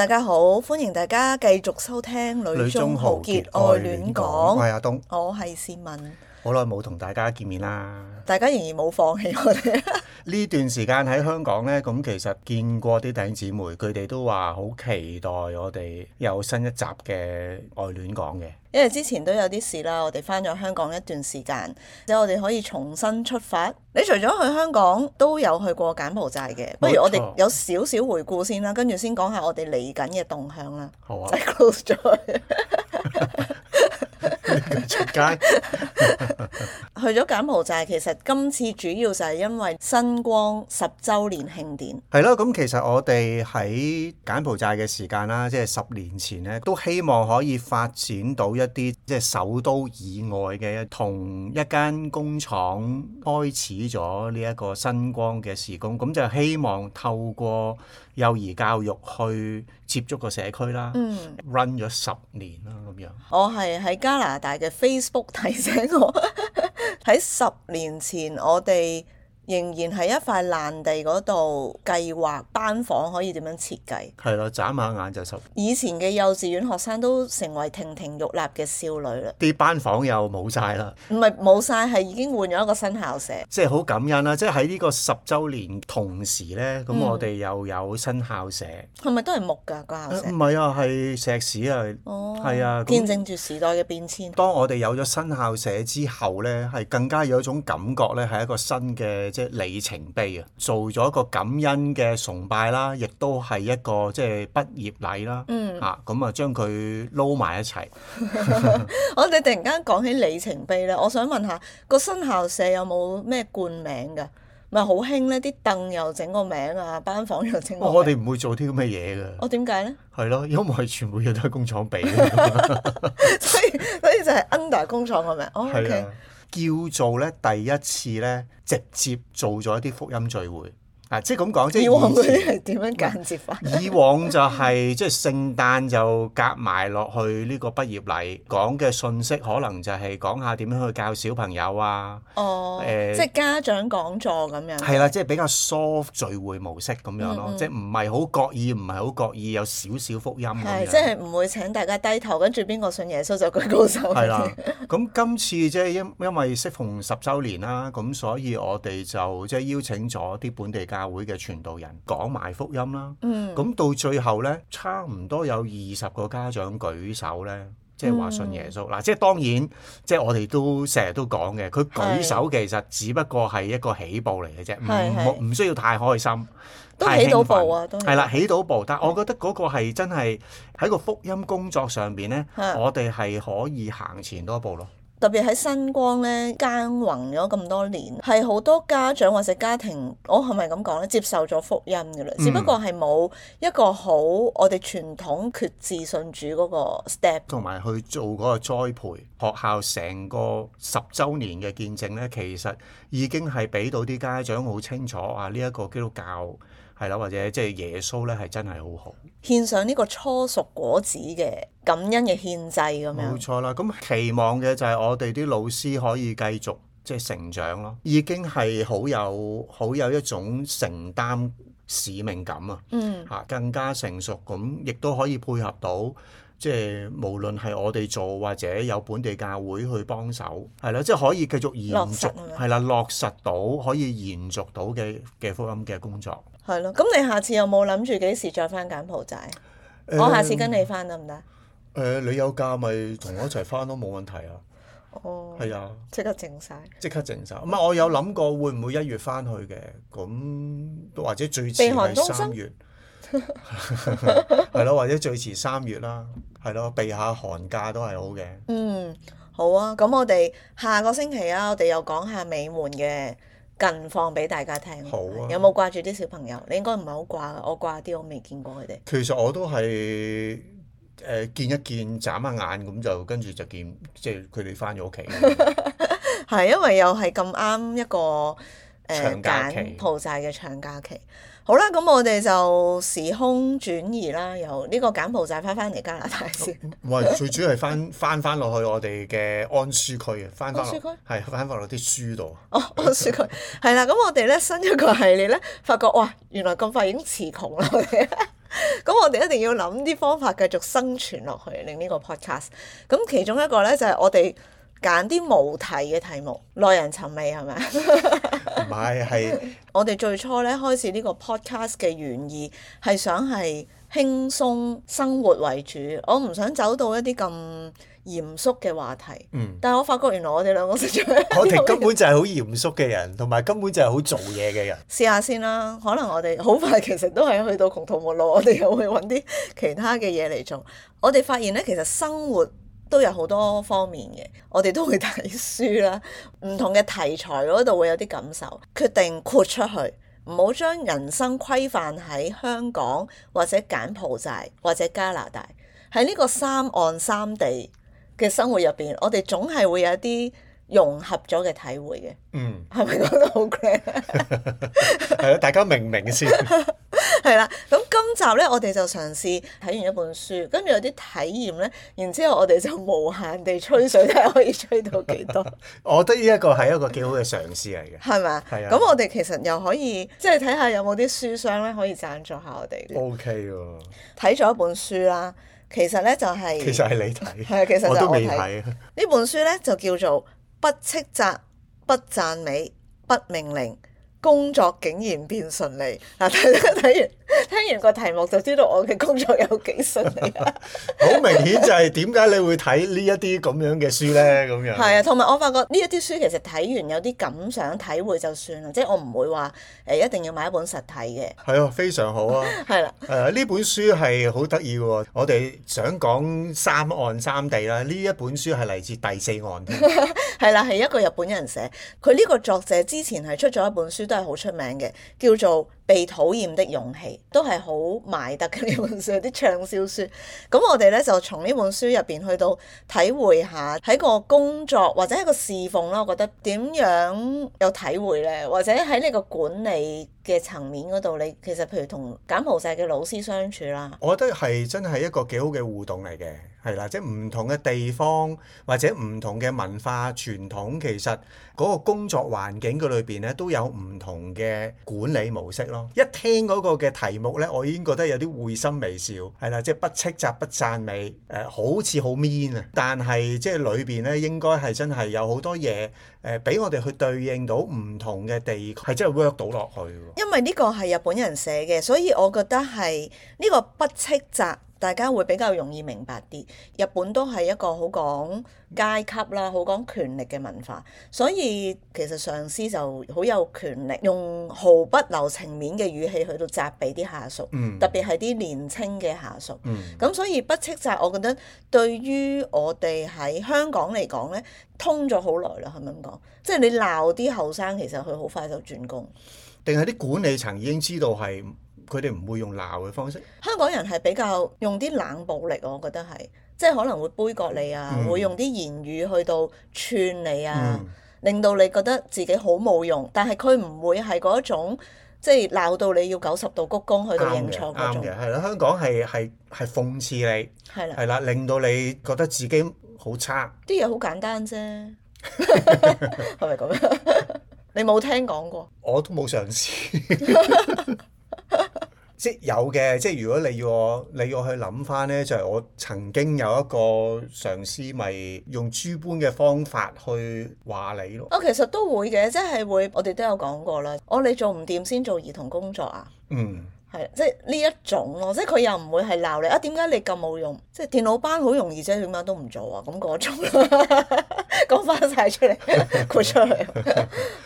大家好，歡迎大家繼續收聽《女中豪傑愛戀講》義，我係阿東，我係善敏。好耐冇同大家見面啦！大家仍然冇放棄我哋。呢 段時間喺香港呢，咁其實見過啲弟兄姊妹，佢哋都話好期待我哋有新一集嘅愛戀講嘅。因為之前都有啲事啦，我哋返咗香港一段時間，即我哋可以重新出發。你除咗去香港，都有去過柬埔寨嘅。不如我哋有少少回顧先啦，跟住先講下我哋嚟緊嘅動向啦。好啊。再 c 佢出街。去咗柬埔寨，其實今次主要就係因為新光十週年慶典。係咯，咁其實我哋喺柬埔寨嘅時間啦，即係十年前咧，都希望可以發展到一啲即係首都以外嘅同一間工廠開始咗呢一個新光嘅事工。咁就希望透過幼兒教育去接觸個社區啦。嗯。Run 咗十年啦，咁樣。我係喺加拿大嘅 Facebook 提醒我。 喺十年前，我哋，仍然係一塊爛地嗰度，計劃班房可以點樣設計？係啦，眨下眼就十。以前嘅幼稚園學生都成為亭亭玉立嘅少女啦。啲班房又冇晒啦。唔係冇晒，係已經換咗一個新校舍，啊。即係好感恩啦！即係喺呢個十週年同時呢，咁我哋又有新校舍。係咪、嗯、都係木㗎個校舍？唔係啊，係石屎啊。啊哦。係啊。見證住時代嘅變遷。當我哋有咗新校舍之後呢，係更加有一種感覺呢，係一個新嘅。里程碑啊，做咗一個感恩嘅崇拜啦，亦都係一個即係畢業禮啦，嗯、啊，咁啊將佢撈埋一齊。 我哋突然間講起里程碑咧，我想問下個新校舍有冇咩冠名噶？咪好興咧，啲凳又整個名啊，班房又整個名。哦。我哋唔會做啲咁嘅嘢噶。我點解咧？係咯，因為全部嘢都係工廠俾，所以所以就係 under 工廠嘅名。哦，OK。叫做咧第一次咧，直接做咗一啲福音聚會。啊！即係咁講，即係以往嗰啲係點樣間接法？以往就係即係聖誕就夾埋落去呢個畢業禮講嘅訊息，可能就係講下點樣去教小朋友啊。哦。誒，即係家長講座咁樣。係啦，即係比較 soft 聚會模式咁樣咯，即係唔係好刻意，唔係好刻意有少少福音咁樣。係，即係唔會請大家低頭，跟住邊個信耶穌就舉高手。係啦。咁今次即係因因為適逢十週年啦，咁所以我哋就即係邀請咗啲本地家教會嘅傳道人講埋福音啦，咁、嗯、到最後咧，差唔多有二十個家長舉手咧，即係話信耶穌嗱、嗯，即係當然，即係我哋都成日都講嘅，佢舉手其實只不過係一個起步嚟嘅啫，唔唔需要太開心，是是都起到步啊，係啦，起到步，但係我覺得嗰個係真係喺個福音工作上邊咧，我哋係可以行前多一步咯。特別喺新光咧，耕耘咗咁多年，係好多家長或者家庭，我係咪咁講咧？接受咗福音噶啦，只不過係冇一個好我哋傳統決志信主嗰個 step，同埋、嗯、去做嗰個栽培學校成個十週年嘅見證咧，其實已經係俾到啲家長好清楚啊！呢、這、一個叫做教。係啦，或者即係耶穌咧，係真係好好獻上呢個初熟果子嘅感恩嘅獻祭咁樣。冇錯啦，咁期望嘅就係我哋啲老師可以繼續即係成長咯，已經係好有好有一種承擔使命感啊。嗯，吓更加成熟咁，亦都可以配合到即係無論係我哋做或者有本地教會去幫手係啦，即係可以繼續延續係啦，落實到可以延續到嘅嘅福音嘅工作。係咯，咁你下次有冇諗住幾時再翻柬埔寨？欸、我下次跟你翻得唔得？誒、欸行呃，你有假咪同我一齊翻都冇問題啊。哦，係啊，即刻靜晒。即刻靜晒。唔係，我有諗過會唔會一月翻去嘅？咁或者最遲係三月，係咯，或者最遲三月啦，係咯， 避下寒，寒假都係好嘅。嗯，好啊，咁我哋下個星期啊，我哋又講下美門嘅近況俾大家聽。好啊、有冇掛住啲小朋友？你應該唔係好掛，我掛啲，我未見過佢哋。其實我都係誒、呃、見一見，眨下眼咁就跟住就見，即係佢哋返咗屋企。係 因為又係咁啱一個誒，長假期鋪曬嘅長假期。好啦，咁我哋就時空轉移啦，由呢個柬埔寨翻返嚟加拿大先。喂、呃，最主要係翻翻翻落去我哋嘅安舒區嘅，翻翻落係翻翻落啲書度。哦，安舒區係 啦，咁我哋咧新一個系列咧，發覺哇，原來咁快已經詞窮啦！咁 我哋一定要諗啲方法繼續生存落去，令、這、呢個 podcast。咁其中一個咧就係、是、我哋。揀啲無題嘅題目，耐人尋味係咪？唔係，係 我哋最初咧開始呢個 podcast 嘅原意係想係輕鬆生活為主，我唔想走到一啲咁嚴肅嘅話題。嗯，但係我發覺原來我哋兩個識咗，我哋根本就係好嚴肅嘅人，同埋根本就係好做嘢嘅人。試 下先啦，可能我哋好快其實都係去到窮途末路，我哋又會揾啲其他嘅嘢嚟做。我哋發現咧，其實生活，都有好多方面嘅，我哋都會睇書啦，唔同嘅題材嗰度會有啲感受，決定豁出去，唔好將人生規範喺香港或者柬埔寨或者加拿大，喺呢個三岸三地嘅生活入邊，我哋總係會有啲融合咗嘅體會嘅，嗯，係咪講得好 great？係咯， 大家明唔明先？係啦，咁今集咧，我哋就嘗試睇完一本書，跟住有啲體驗咧，然之後我哋就無限地吹水，睇下可以吹到幾多。 我覺得呢一個係一個幾好嘅嘗試嚟嘅。係咪吧？係啊的。咁我哋其實又可以即係睇下有冇啲書商咧，可以贊助下我哋。O K 喎。睇咗一本書啦，其實咧就係、是、其實係你睇，係 其實我，我都未睇。呢本書咧就叫做不斥責、不讚美、不命令。工作竟然變順利，嗱，睇睇完。聽完個題目就知道我嘅工作有幾順利啦！好明顯就係點解你會睇呢一啲咁樣嘅書呢？咁樣係啊， 同埋我發覺呢一啲書其實睇完有啲感想體會就算啦，即係我唔會話誒一定要買一本實體嘅。係啊， 非常好啊！係 啦，係啊，呢本書係好得意喎！我哋想講三岸三地啦，呢一本書係嚟自第四岸嘅，係 啦，係一個日本人寫。佢呢個作者之前係出咗一本書都係好出名嘅，叫做《被討厭的勇氣》。都係好賣得嘅，呢本書有啲暢銷書，咁我哋咧就從呢本書入邊去到體會下喺個工作或者喺個侍奉啦，我覺得點樣有體會咧，或者喺呢個管理嘅層面嗰度，你其實譬如同柬埔寨嘅老師相處啦，我覺得係真係一個幾好嘅互動嚟嘅，係啦，即係唔同嘅地方或者唔同嘅文化傳統，其實嗰個工作環境佢裏邊咧都有唔同嘅管理模式咯。一聽嗰個嘅題目咧，我已經覺得有啲會心微笑，係啦，即係不斥責、不讚美，誒、呃、好似好 mean 啊，但係即係裏邊咧應該係真係有好多嘢誒俾我哋去對應到唔同嘅地區，係真係 work 到落去喎。因為呢個係日本人寫嘅，所以我覺得係呢個不斥責，大家會比較容易明白啲。日本都係一個好講階級啦，嗯、好講權力嘅文化，所以其實上司就好有權力，用毫不留情面嘅語氣去到責備啲下屬，嗯、特別係啲年青嘅下屬。咁、嗯、所以不斥責，我覺得對於我哋喺香港嚟講呢，通咗好耐啦。係咪咁講？即、就、係、係、你鬧啲後生，其實佢好快就轉工。定係啲管理層已經知道係佢哋唔會用鬧嘅方式。香港人係比較用啲冷暴力，我覺得係，即係可能會杯葛你啊，嗯、會用啲言語去到串你啊，嗯、令到你覺得自己好冇用。但係佢唔會係嗰一種，即係鬧到你要九十度鞠躬去到認錯嗰種。啱嘅的，係啦種。香港係係係諷刺你，係啦的，係啦，令到你覺得自己好差。啲嘢好簡單啫，係咪咁樣？ 你冇聽講過，我都冇嘗試。即有嘅，即係如果你要我，你要去諗翻呢，就係、是、我曾經有一個嘗試，咪、就是、用豬般嘅方法去話你咯。哦，其實都會嘅，即係會，我哋都有講過啦。我、哦、你做唔掂先做兒童工作啊？嗯。係，即係呢一種咯，即係佢又唔會係鬧你啊！點解你咁冇用？即係電腦班好容易啫，點解都唔做啊？咁嗰種講翻晒出嚟，豁出去。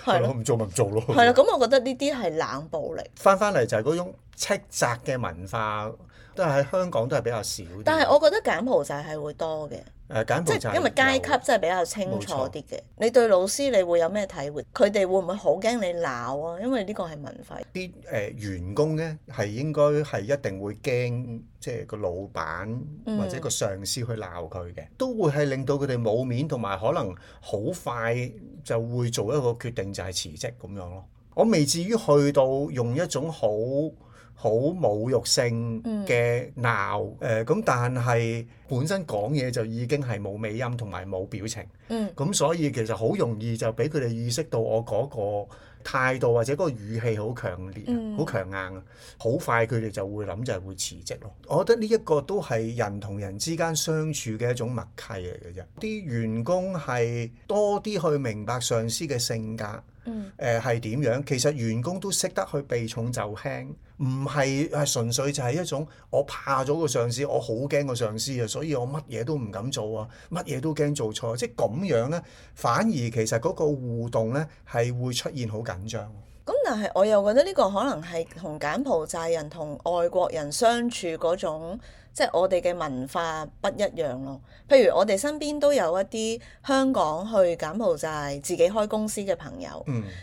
係咯 吧，唔做咪唔做咯。係啦 呵呵，咁 我覺得呢啲係冷暴力。翻翻嚟就係嗰種斥責嘅文化，都係喺香港都係比較少。但係我覺得柬埔寨係會多嘅。誒，因為階級真係比較清楚啲嘅。冇錯，你對老師你會有咩體會？佢哋會唔會好驚你鬧啊？因為呢個係文化。啲誒、呃、員工呢係應該係一定會驚，即係個老闆或者個上司去鬧佢嘅，嗯、都會係令到佢哋冇面，同埋可能好快就會做一個決定，就係辭職咁樣咯。我未至於去到用一種好。好侮辱性嘅鬧，誒咁、嗯呃，但係本身講嘢就已經係冇尾音同埋冇表情，咁、嗯、所以其實好容易就俾佢哋意識到我嗰個態度或者嗰個語氣好強烈、好、嗯、強硬，好快佢哋就會諗就係會辭職咯。我覺得呢一個都係人同人之間相處嘅一種默契嚟嘅啫。啲員工係多啲去明白上司嘅性格。誒係點樣？其實員工都識得去避重就輕，唔係係純粹就係一種我怕咗個上司，我好驚個上司啊，所以我乜嘢都唔敢做啊，乜嘢都驚做錯，啊，即係咁樣呢，反而其實嗰個互動呢係會出現好緊張。咁但係我又覺得呢個可能係同柬埔寨人同外國人相處嗰種，即係我哋嘅文化不一樣咯。譬如我哋身邊都有一啲香港去柬埔寨自己開公司嘅朋友，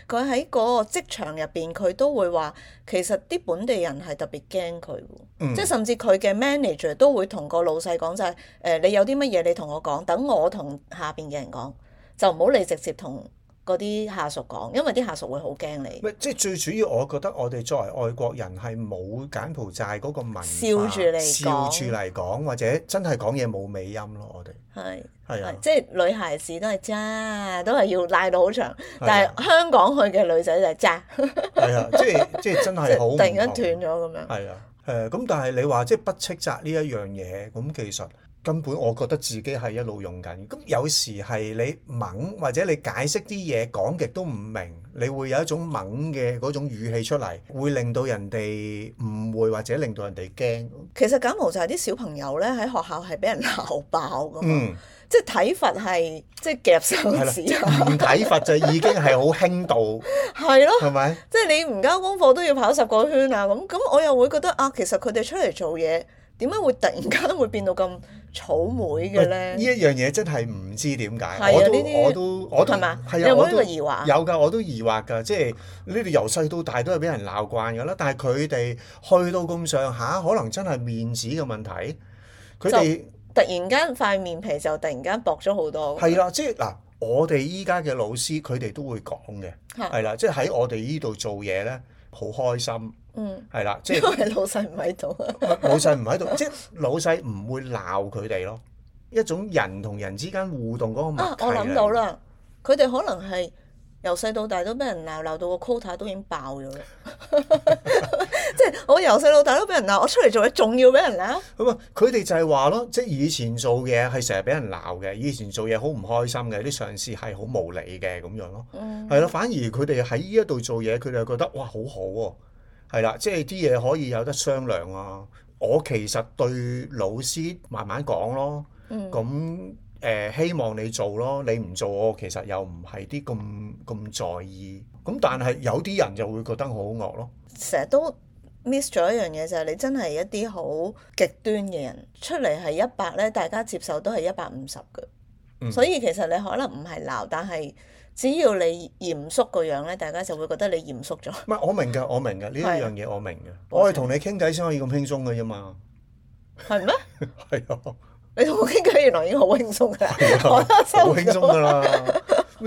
佢喺嗰個職場入邊，佢都會話其實啲本地人係特別驚佢，嗯、即係甚至佢嘅 manager 都會同個老細講就係誒，你有啲乜嘢你同我講，等我同下邊嘅人講，就唔好你直接同。嗰啲下屬講，因為啲下屬會好驚你。即係最主要，我覺得我哋作為外國人係冇柬埔寨嗰個文化笑住嚟講，笑住嚟講，或者真係講嘢冇尾音咯，我哋。係係是啊，即係女孩子都係渣，都係要拉到好長。啊、但係香港去嘅女仔就係渣，係啊， 啊，即係即係真係好。 突然間斷咗咁樣。係啊，誒咁、啊，但係你話即係不斥扎呢一樣嘢咁技術。其實根本我覺得自己係一路用緊，咁有時係你猛或者你解釋啲嘢講極都唔明，你會有一種猛嘅嗰種語氣出嚟，會令到人哋誤會或者令到人哋驚。其實感冒就係啲小朋友咧喺學校係俾人鬧爆噶、嗯，即係體罰係即係夾手指。唔體罰就已經係好輕度，係咯 的，係咪吧？即係你唔交功課都要跑十個圈啊！咁咁，我又會覺得啊，其實佢哋出嚟做嘢點解會突然間會變到咁？草莓嘅咧，呢一樣嘢真係唔知點解，我都、啊、我都，我同，係嘛？有冇呢個疑惑？有噶，我都疑惑噶，即係呢度由細到大都係俾人鬧慣嘅啦。但係佢哋去到咁上下，可能真係面子嘅問題。佢哋突然間塊面皮就突然間薄咗好多。係啦、啊，啊、即係嗱，我哋依家嘅老師，佢哋都會講嘅，係啦、啊啊，即係喺我哋呢度做嘢咧，好開心。嗯，係啦，即係因為老細唔喺度， 老細唔喺度，即係老細唔會鬧佢哋咯。一種人同人之間互動嗰個，啊，我諗到啦，佢哋可能係由細到大都俾人鬧鬧到個 quota 都已經爆咗啦。即 係 我由細到大都俾人鬧，我出嚟做嘢仲要俾人鬧。咁啊、嗯，佢哋就係話咯，即係以前做嘢係成日俾人鬧嘅，以前做嘢好唔開心嘅，啲上司係好無理嘅咁樣咯。嗯，係啦，反而佢哋喺呢一度做嘢，佢哋覺得哇，哇好好喎。係啦，即係啲嘢可以有得商量啊！我其實對老師慢慢講咯，咁誒、嗯呃、希望你做咯，你唔做我其實又唔係啲咁咁在意。咁但係有啲人就會覺得好惡咯。成日、嗯、都 miss 咗一樣嘢就係、是、你真係一啲好極端嘅人出嚟係一百咧，大家接受都係一百五十嘅。嗯、所以其實你可能唔係鬧，但係，只要你嚴肅個樣咧，大家就會覺得你嚴肅咗。唔係，我明㗎，我明㗎，呢一樣嘢我明㗎。我係同你傾偈先可以咁輕鬆㗎啫嘛。係咩？係啊！你同我傾偈原來已經好輕鬆㗎，好輕鬆㗎啦。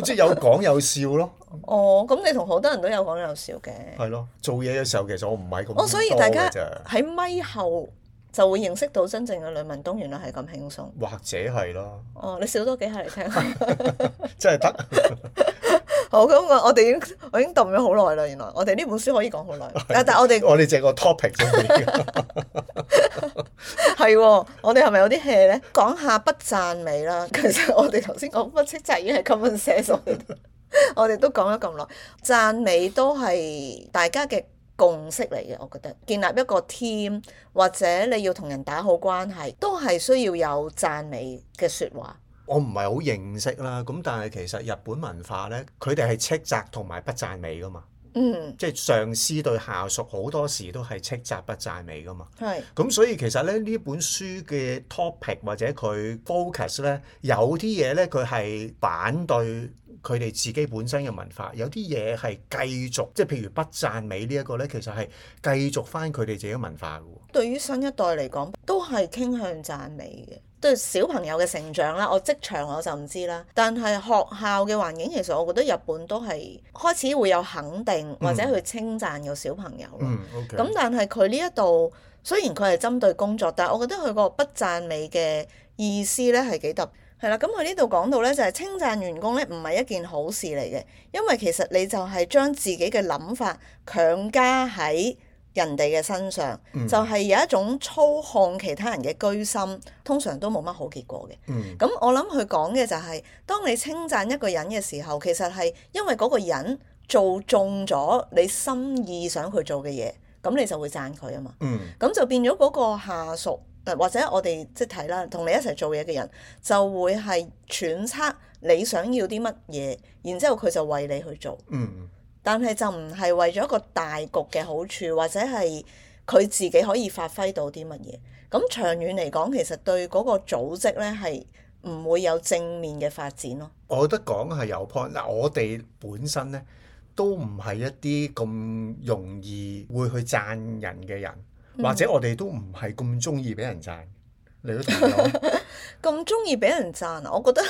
即係有講有笑咯 啊。哦，咁、嗯、你同好多人都有講有笑嘅。係 咯， 做嘢嘅時候其實我唔係咁。哦，所以大家喺咪後。就會認識到真正嘅呂文東原來係咁輕鬆，或者係咯。哦，oh, 你笑多幾下嚟聽下。 真係得。 好，咁我我哋已經我已經讀咗好耐啦。原來我哋呢本書可以講好耐。但係我哋我哋淨係個 topic 啫。係喎，我哋係咪有啲嘢咧？講下不讚美啦。其實我哋頭先講不斥就已經係根本寫咗。我哋都講咗咁耐，讚美都係大家嘅。共識嚟嘅，我覺得建立一個 team 或者你要同人打好關係，都係需要有讚美嘅説話。我唔係好認識啦，咁但係其實日本文化呢，佢哋係斥責同埋不讚美噶嘛。嗯，即係上司對下屬好多時都係斥責不讚美噶嘛。係。咁所以其實咧，呢本書嘅 topic 或者佢 focus 呢，有啲嘢呢，佢係反對。佢哋自己本身嘅文化，有啲嘢係繼續即係譬如不讚美呢一個咧，其實係繼續翻佢哋自己嘅文化。對於新一代嚟講，都係傾向讚美嘅。對小朋友嘅成長啦，我職場我就唔知啦。但係學校嘅環境，其實我覺得日本都係開始會有肯定或者去稱讚個小朋友咯。咁、mm. mm. okay. 但係佢呢一度雖然佢係針對工作，但係我覺得佢個不讚美嘅意思咧係幾特係啦，咁佢呢度講到咧，就係稱讚員工咧，唔係一件好事嚟嘅，因為其實你就係將自己嘅諗法強加喺人哋嘅身上，就係、是、有一種操控其他人嘅居心，通常都冇乜好結果嘅。咁、嗯嗯、我諗佢講嘅就係、是，當你稱讚一個人嘅時候，其實係因為嗰個人做中咗你心意想佢做嘅嘢，咁你就會讚佢啊嘛。咁、嗯、就變咗嗰個下屬。或者我哋即係睇啦，同你一齊做嘢嘅人就會係揣測你想要啲乜嘢，然之後佢就為你去做。嗯，但係就唔係為咗一個大局嘅好處，或者係佢自己可以發揮到啲乜嘢。咁長遠嚟講，其實對嗰個組織咧係唔會有正面嘅發展咯。我覺得講係有 point。嗱，我哋本身咧都唔係一啲咁容易會去讚人嘅人。或者我哋都唔係咁中意俾人贊，你都同意咁中意俾人贊啊？我覺得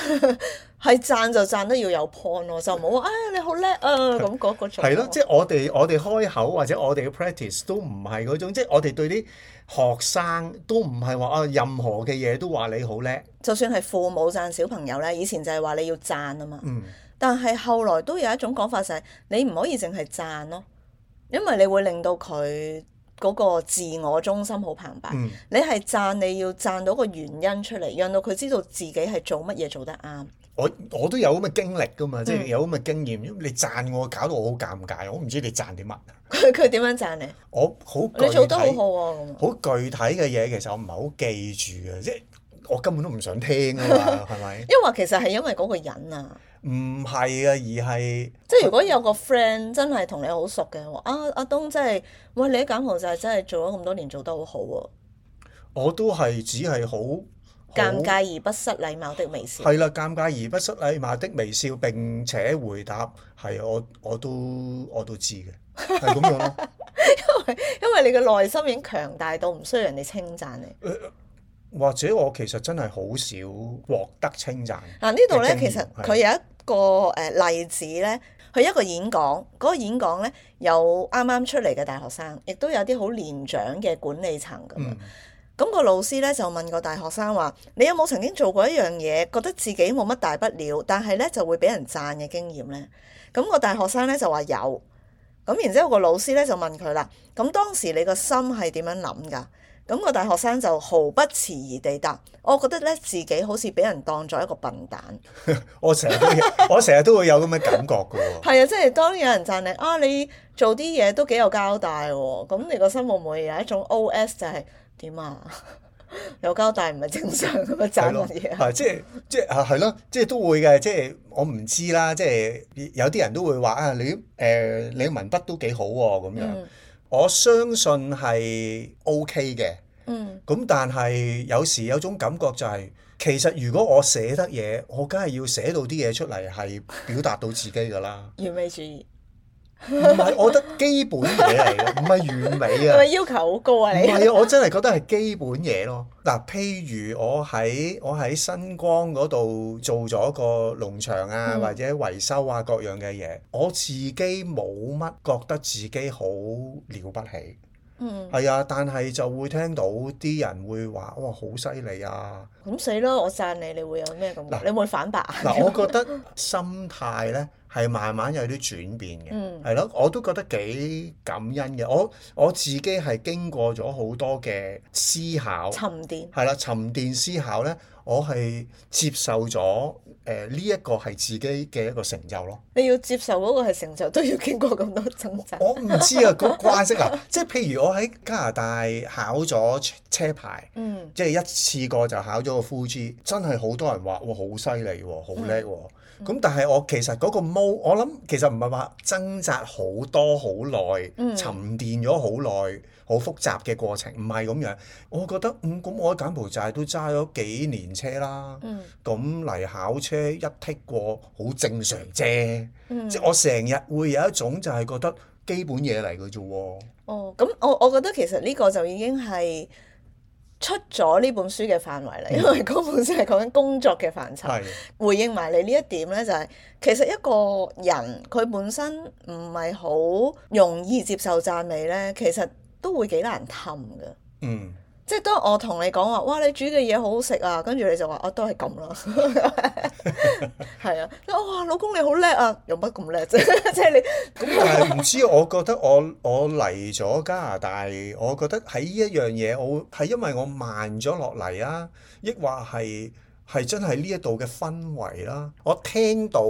係 贊就贊得要有 point 咯，就冇話啊你好叻啊咁嗰個。係咯，即係我哋我哋開口或者我哋嘅 practice 都唔係嗰種，即係我哋對啲學生都唔係話啊任何嘅嘢都話你好叻。就算係父母贊小朋友咧，以前就係話你要贊啊嘛。嗯。但係後來都有一種講法就係你唔可以淨係贊咯，因為你會令到佢。嗰個自我中心好澎湃，嗯，你係讚，你要讚到個原因出嚟，讓到佢知道自己係做乜嘢做得啱。我我都有咁嘅經歷噶嘛，嗯、即係有咁嘅經驗。你讚我，搞到我好尷尬，我唔知你讚啲乜。佢佢點樣讚你？我好你做得好好、啊、喎，好具體嘅嘢其實我唔係好記住嘅，即係我根本都唔想聽啊嘛，係咪？ 因為其實係因為嗰個人啊。唔係啊，而係即係如果有個 friend 真係同你好熟嘅話， 啊啊東真係喂，你喺減耗就係真係做咗咁多年做得好好、啊、喎。我都係只係好尷尬而不失禮貌的微笑。係啦， 尷尬而不失禮貌的微笑，並且回答係我我都我都知嘅，係咁樣咯。因為因為你嘅內心已經強大到唔需要人哋稱讚你。 或者我其實真係好少獲得稱讚。嗱、啊、呢度咧，是其實佢有一個誒、呃、例子咧，佢一個演講，嗰、那個演講咧有啱啱出嚟嘅大學生，亦都有啲好年長嘅管理層咁樣。咁、那個老師咧就問個大學生話：嗯、你有冇曾經做過一樣嘢，覺得自己冇乜大不了，但係咧就會俾人讚嘅經驗咧？咁、那個大學生咧就話有。咁然之後個老師咧就問佢啦：咁當時你個心係點樣諗㗎？咁個大學生就毫不遲疑地答：我覺得呢自己好似俾人當咗一個笨蛋。 我成日都 我成日都會有咁嘅感覺嘅喎。係 啊，即係當有人讚你，啊，你做啲嘢都幾有交代喎、啊。咁、啊、你個心會唔會有一種 OS 就係、是、點啊？ 有交代唔係正常咁嘅讚嘢啊！即係即係啊係咯，即係都會嘅。即係我唔知啦。即、就、係、是啊就是、有啲人都會話啊，你誒、呃、你文筆都幾好喎、啊、咁樣。啊我相信係 OK 嘅，咁、嗯、但係有時有種感覺就係、是，其實如果我寫得嘢，我梗係要寫到啲嘢出嚟，係表達到自己㗎啦。完美主義。唔係，我覺得基本嘢嚟嘅，唔係 完美啊。係咪 要求好高啊？你唔係啊，我真係覺得係基本嘢咯。嗱，譬如我喺我喺新光嗰度做咗個農場啊，嗯、或者維修啊各樣嘅嘢，我自己冇乜覺得自己好了不起。嗯。係啊，但係就會聽到啲人會話：哇，好犀利啊！咁死咯，我讚你，你會有咩咁？嘞你會反白啊？嗱，我覺得心態咧。 係慢慢有啲轉變嘅，係咯，我都覺得幾感恩嘅。我我自己係經過咗好多嘅思考，沉澱係啦，沉澱思考咧，我係接受咗誒呢一個係自己嘅一個成就咯。你要接受嗰個係成就，都要經過咁多掙扎。 我唔知啊，個關係啊，即係 譬如我喺加拿大考咗車牌，即係、嗯、一次過就考咗個 full G，真係好多人話，哇好犀利喎，好叻喎。咁、嗯、但係我其實嗰個我諗其實唔係話掙扎好多好耐，嗯、沉澱咗好耐，好複雜嘅過程，唔係咁樣。我覺得嗯，咁我喺柬埔寨都揸咗幾年車啦，咁嚟、嗯、考車一剔過，好正常啫。嗯、即係我成日會有一種就係覺得基本嘢嚟嘅啫喎。哦，咁我我覺得其實呢個就已經係。出咗呢本書嘅範圍嚟，因為嗰本書係講緊工作嘅範疇。係，回應埋你呢一點呢，就係、是、其實一個人佢本身唔係好容易接受讚美呢，其實都會幾難氹噶。嗯，即係當我同你講話，哇！你煮嘅嘢好好食啊，跟住你就話，我、啊、都係咁啦。 係 啊！哇，老公你好叻啊！有乜咁叻啫？即 係是你咁，但係，唔知我覺得我我嚟咗加拿大，我覺得喺呢一樣嘢，我係因為我慢咗落嚟啊，亦或係係真係呢一度嘅氛圍啦。我聽到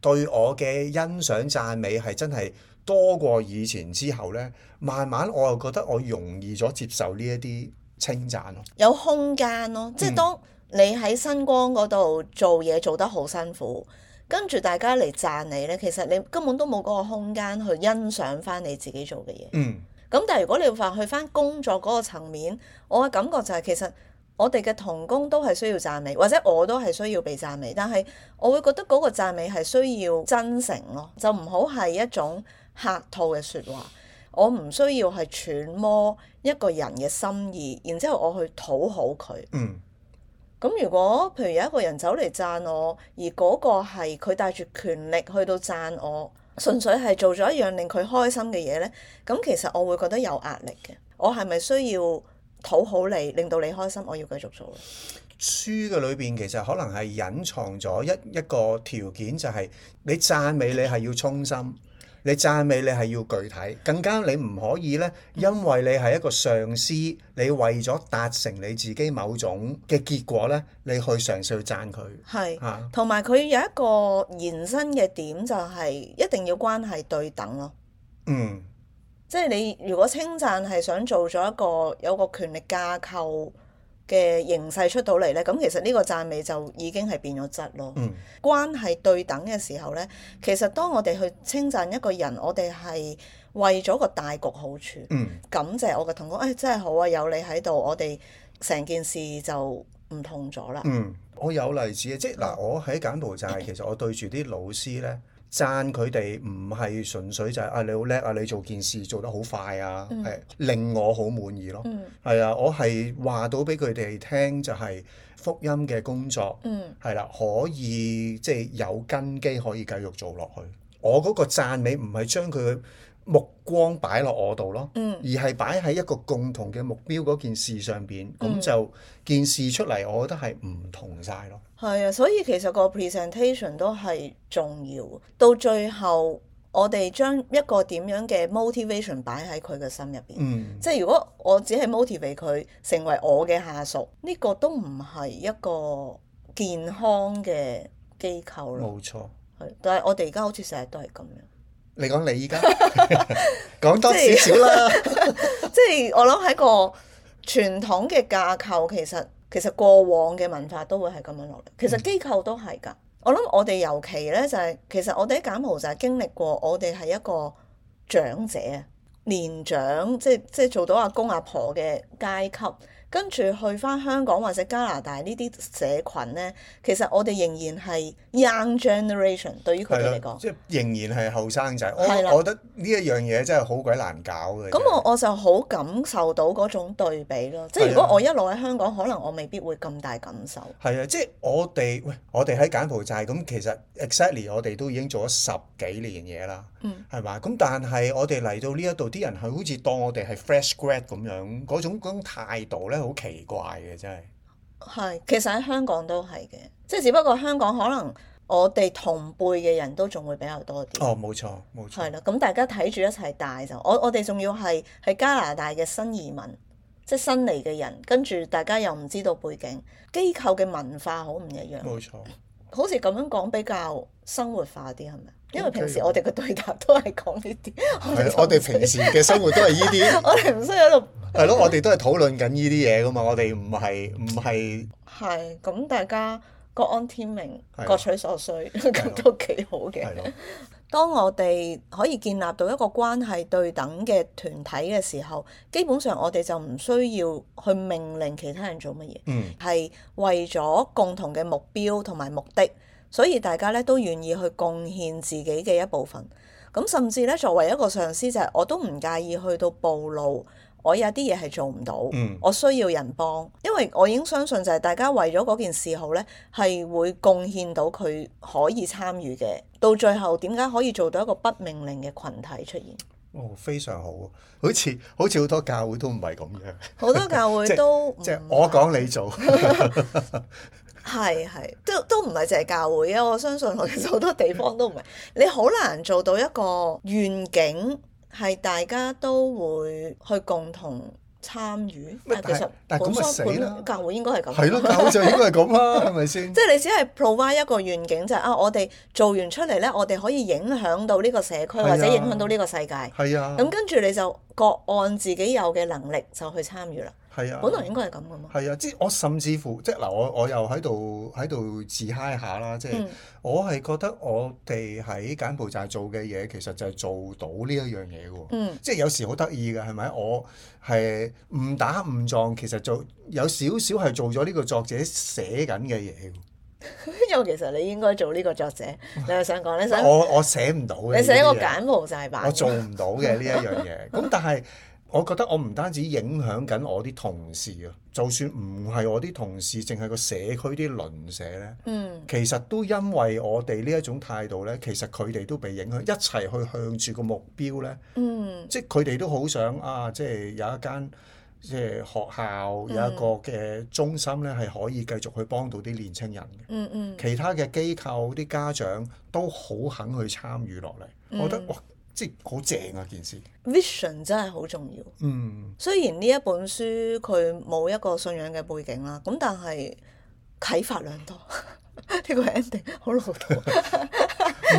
對我嘅欣賞讚美係真係多過以前之後呢，慢慢我又覺得我容易咗接受呢一啲稱讚咯，有空間咯，即係當、嗯。你喺新光嗰度做嘢做得好辛苦，跟住大家嚟讚你咧，其實你根本都冇嗰個空間去欣賞翻你自己做嘅嘢。嗯。咁但係如果你要去翻工作嗰個層面，我嘅感覺就係其實我哋嘅同工都係需要讚美，或者我都係需要被讚美。但係我會覺得嗰個讚美係需要真誠咯，就唔好係一種客套嘅説話。我唔需要係揣摩一個人嘅心意，然之後我去討好佢。嗯。咁如果譬如有一個人走嚟贊我，而嗰個係佢帶住權力去到贊我，純粹係做咗一樣令佢開心嘅嘢呢？咁其實我會覺得有壓力嘅。我係咪需要討好你，令到你開心？我要繼續做咧。書嘅裏邊其實可能係隱藏咗一一個條件，就係你讚美你係要衷心。你讚美你係要具體，更加你唔可以呢，因為你係一個上司，你為咗達成你自己某種嘅結果呢，你去嘗試去讚佢。係，同埋佢有一個延伸嘅點，就係一定要關係對等咯。嗯，即係你如果稱讚係想做咗一個有個權力架構嘅形勢出到嚟呢，咁其實呢個讚美就已經係變咗質咯。嗯、關係對等嘅時候呢，其實當我哋去稱讚一個人，我哋係為咗個大局好處，嗯、感謝我嘅同工，誒、哎、真係好啊，有你喺度，我哋成件事就唔同咗啦。嗯，我有例子嘅，即係嗱，我喺柬埔寨其實我對住啲老師呢。讚佢哋唔係純粹就係，啊你好叻啊，你做件事做得好快啊，係、嗯、令我好滿意咯。係啊、嗯、我係話到俾佢哋聽就係福音嘅工作係啦、嗯、可以即係、就是、有根基可以繼續做落去，我嗰個讚美唔係將佢目光擺落我度咯，嗯、而係擺喺一個共同嘅目標嗰件事上邊，咁、嗯、就件事出嚟，我覺得係唔同晒咯。係啊，所以其實個 presentation 都係重要。到最後，我哋將一個點樣嘅 motivation 擺喺佢嘅心入邊，嗯、即係如果我只係 motivate 佢成為我嘅下屬，呢個都唔係一個健康嘅機構咯。冇錯，係，但係我哋而家好似成日都係咁樣。你講你而家講多少少啦， 即係我諗喺個傳統嘅架構其實。其實過往嘅文化都會係咁樣落嚟，其實機構都係㗎。我諗我哋尤其咧就係，其實我哋喺柬埔寨經歷過，我哋係一個長者、年長，即係即係做到阿公阿婆嘅階級。跟住去翻香港或者加拿大呢啲社群咧，其實我哋仍然係 young generation 對於佢哋嚟講，即係仍然係後生仔。我覺得呢一樣嘢真係好鬼難搞嘅。咁我我就好感受到嗰種對比咯。的即係如果我一路喺香港，可能我未必會咁大感受。係啊，即係我哋喂，我哋喺柬埔寨咁，其實 exactly 我哋都已經做咗十幾年嘢啦。嗯，係嘛？咁但係我哋嚟到呢一度，啲人係好似當我哋係 fresh grad 咁樣，嗰種嗰種,種,種態度咧。真係好奇怪嘅，真係。係，其實喺香港都係嘅，即係只不過香港可能我哋同輩嘅人都仲會比較多啲。哦，冇錯，冇錯。係啦，咁大家睇住一齊大就，我我哋仲要係喺加拿大嘅新移民，即係新嚟嘅人，跟住大家又唔知道背景機構嘅文化好唔一樣。冇錯，好似咁樣講比較生活化啲，係咪？因為平時我哋嘅對答都係講呢啲，的我哋的平時嘅生活都係呢啲，我哋唔需要喺度。係咯，我哋都係討論緊呢啲嘢噶嘛，我哋唔係唔係。係咁，大家各安天命，各的取所需，咁的都幾好嘅。當我哋可以建立到一個關係對等嘅團體嘅時候，基本上我哋就唔需要去命令其他人做乜嘢。嗯，係為咗共同嘅目標同埋目的。所以大家咧都願意去貢獻自己嘅一部分，咁甚至咧作為一個上司就係、是、我都唔介意去到暴露我有啲嘢係做唔到，嗯、我需要人幫，因為我已經相信就係大家為咗嗰件事好咧，係會貢獻到佢可以參與嘅。到最後點解可以做到一個不命令嘅群體出現哦，非常好，好似好似好多教會都唔係咁樣， 好多教會都即係、 就是就是、我講你做。 係係，都都唔係淨係教會啊！我相信其實好多地方都唔係，你好難做到一個願景係大家都會去共同參與。但係其實保守派教會應該係咁，係咯？教會就應該係咁啦，係咪先？即係你只係 provide 一個願景，就係、係、啊！我哋做完出嚟咧，我哋可以影響到呢個社區，啊、或者影響到呢個世界。係啊。咁跟住你就各按自己有嘅能力就去參與啦。係啊，本來應該係咁嘅嘛。係啊，即係我甚至乎，即係嗱，我我又喺度喺度自嗨下啦。即係、嗯、我係覺得我哋喺柬埔寨做嘅嘢，其實就係做到呢一樣嘢喎。嗯、即係有時好得意嘅，係咪？我係誤打誤撞，其實做有少少係做咗呢個作者寫緊嘅嘢。因為 其實你應該做呢個作者， 你係想講咧？我我寫唔到嘅。 你寫個柬埔寨版。我做唔到嘅呢一樣嘢。咁但係，我覺得我唔單止影響緊我啲同事啊，就算唔係我啲同事，淨係個社區啲鄰舍咧，嗯、其實都因為我哋呢一種態度咧，其實佢哋都被影響，一齊去向住個目標咧，嗯、即係佢哋都好想啊，即係有一間即係學校有一個嘅中心咧，係、嗯、可以繼續去幫到啲年輕人嘅、嗯。嗯嗯，其他嘅機構啲家長都好肯去參與落嚟，我覺得哇！即係好正啊！件事 Vision 真係好重要。嗯，雖然呢一本書佢冇一個信仰嘅背景啦，咁但係啟發良多。呢 個 ending 好老土，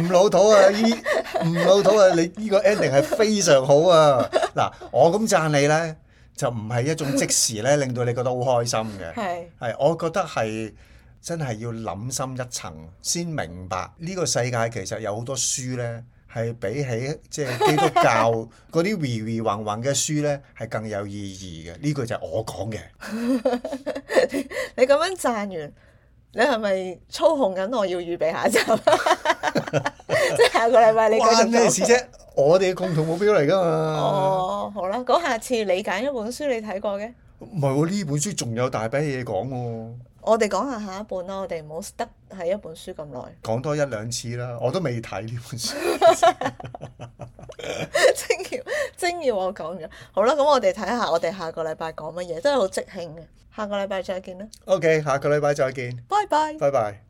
唔老土啊！呢 唔 老土啊，啊！你呢個 ending 係非常好啊！嗱，我咁讚你呢，就唔係一種即時呢，令到你覺得好開心嘅。係係 是，我覺得係真係要諗深一層先明白呢個世界其實有好多書呢。係比起即係基督教嗰啲彌彌橫橫嘅書咧，係更有意義嘅。呢句就係我講嘅。 你咁樣讚完，你係咪操控緊我要預備下集？ 即係下個禮拜你關咩 事啫？我哋嘅共同目標嚟㗎嘛？ 哦，好啦，咁下次你揀一本書你睇過嘅。唔係喎，呢本書仲有大把嘢講喎。我哋講一下下一本啦，我哋唔好得喺一本書咁耐。講多一兩次啦，我都未睇呢本書。精要精要，要我講咗。好啦，咁我哋睇下我哋下個禮拜講乜嘢，真係好即興啊！下個禮拜再見啦。OK，下個禮拜再見。拜拜！拜拜！